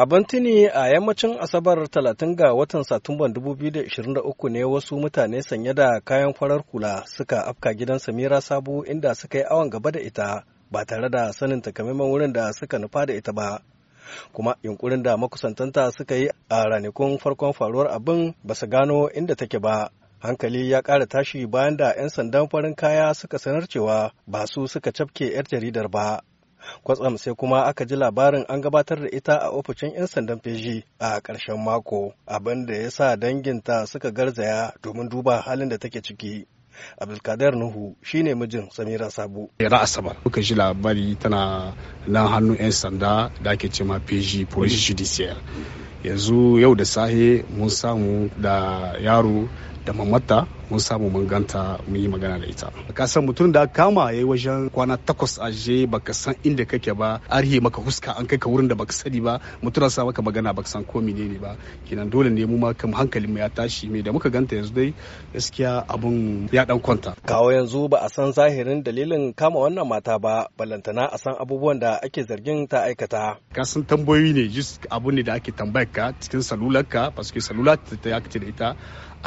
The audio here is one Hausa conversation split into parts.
a tuni a yammacin Asabar 30 ga watan Satumban 2023 ne wasu mutane sanye da kayan farar kula suka afka gidan Samira Sabo inda suka yi awon gaba da ita ba tare da sanin takamaiman wurin da suka nufa da ita ba. Kuma yunkurin da makusantanta suka yi a ranakun farkon faruwar abin ba su gano inda take ba. Hankali ya ƙara tashi bayan da 'yan sandan farin kaya suka sanar cewa ba su suka cafke 'yar jaridar ba. Kwatsam sai kuma aka ji labarin an gabatar da ita a ofishin 'yan sandan feji a ƙarshen mako, abin da ya sa danginta suka garzaya domin duba halin da take ciki. abdulkadir nuhu shine mijin samira sabo ra asabar kuka ji labari tana nan hannun 'yan sanda da ake cema pg police judiciaire yanzu yau da sahe mun samu da yaro da mamata mun samu mun ganta mun yi magana da ita ka san mutum da kama yayi wajen kwana takwas a je baka san inda kake ba arhi maka huska an kai ka wurin da baka sani ba mutum sa maka magana baka san ko menene ba kenan dole ne mu ma kan hankalin mu ya tashi me da muka ganta yanzu dai gaskiya abun ya dan kwanta kawo yanzu ba a san zahirin dalilin kama wannan mata ba ballantana a san abubuwan da ake zargin ta aikata ka san tambayoyi ne just abu ne da ake tambayar ka cikin salulaka paske salula ta ya da ita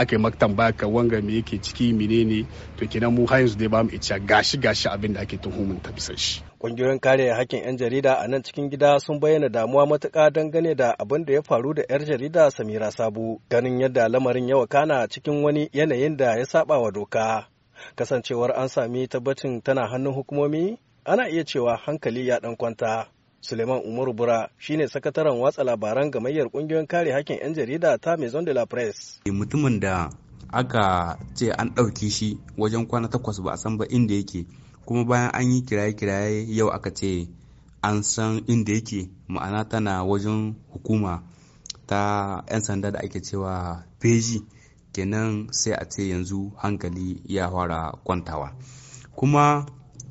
ake maka tambaya ka wanga me yake ciki menene to kenan mu har yanzu dai ba mu iya gashi gashi abin da ake tuhumin ta bisa shi kungiyoyin kare hakkin 'yan jarida a nan cikin gida sun bayyana damuwa matuƙa dangane da abin da ya faru da 'yar jarida samira sabu ganin yadda lamarin yawa kana cikin wani yanayin da ya saba wa doka kasancewar an sami tabbacin tana hannun hukumomi ana iya cewa hankali ya dan kwanta suleiman umaru bura shine sakataren watsa labaran gamayyar kungiyoyin kare hakkin 'yan jarida ta maison de la presse mutumin da aka ce an ɗauki shi wajen kwana takwas ba a san ba inda yake kuma bayan an yi kiraye-kiraye yau aka ce an san inda yake ma'ana tana wajen hukuma ta 'yan sanda da ake cewa peji kenan sai a ce yanzu hankali ya fara kwantawa kuma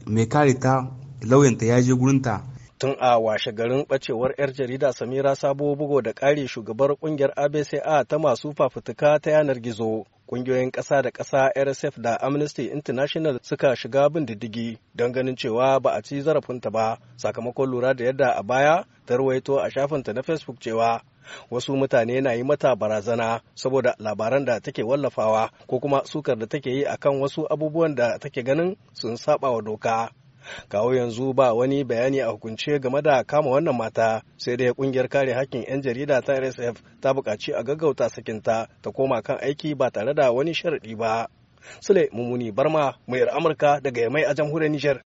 mai kare ta lauyanta ya je gurinta tun a washe garin bacewar 'yar jarida samira sabo bugo da kare shugabar kungiyar abca ta masu fafutuka ta yanar gizo kungiyoyin ƙasa da ƙasa rsf da amnesty international suka shiga bin diddigi don ganin cewa ba a ci zarafinta ba sakamakon lura da yadda a baya ta ruwaito a shafinta na facebook cewa wasu mutane na yi mata barazana saboda labaran da take wallafawa ko kuma sukar da take yi akan wasu abubuwan da take ganin sun saba wa doka kawo yanzu ba wani bayani a hukunce game da kama wannan mata sai dai kungiyar kare hakkin 'yan jarida ta rsf ta buƙaci a gaggauta sakinta ta koma kan aiki ba tare da wani sharaɗi ba sule mummuni barma mayar amurka daga yamai a jamhuriyar nijar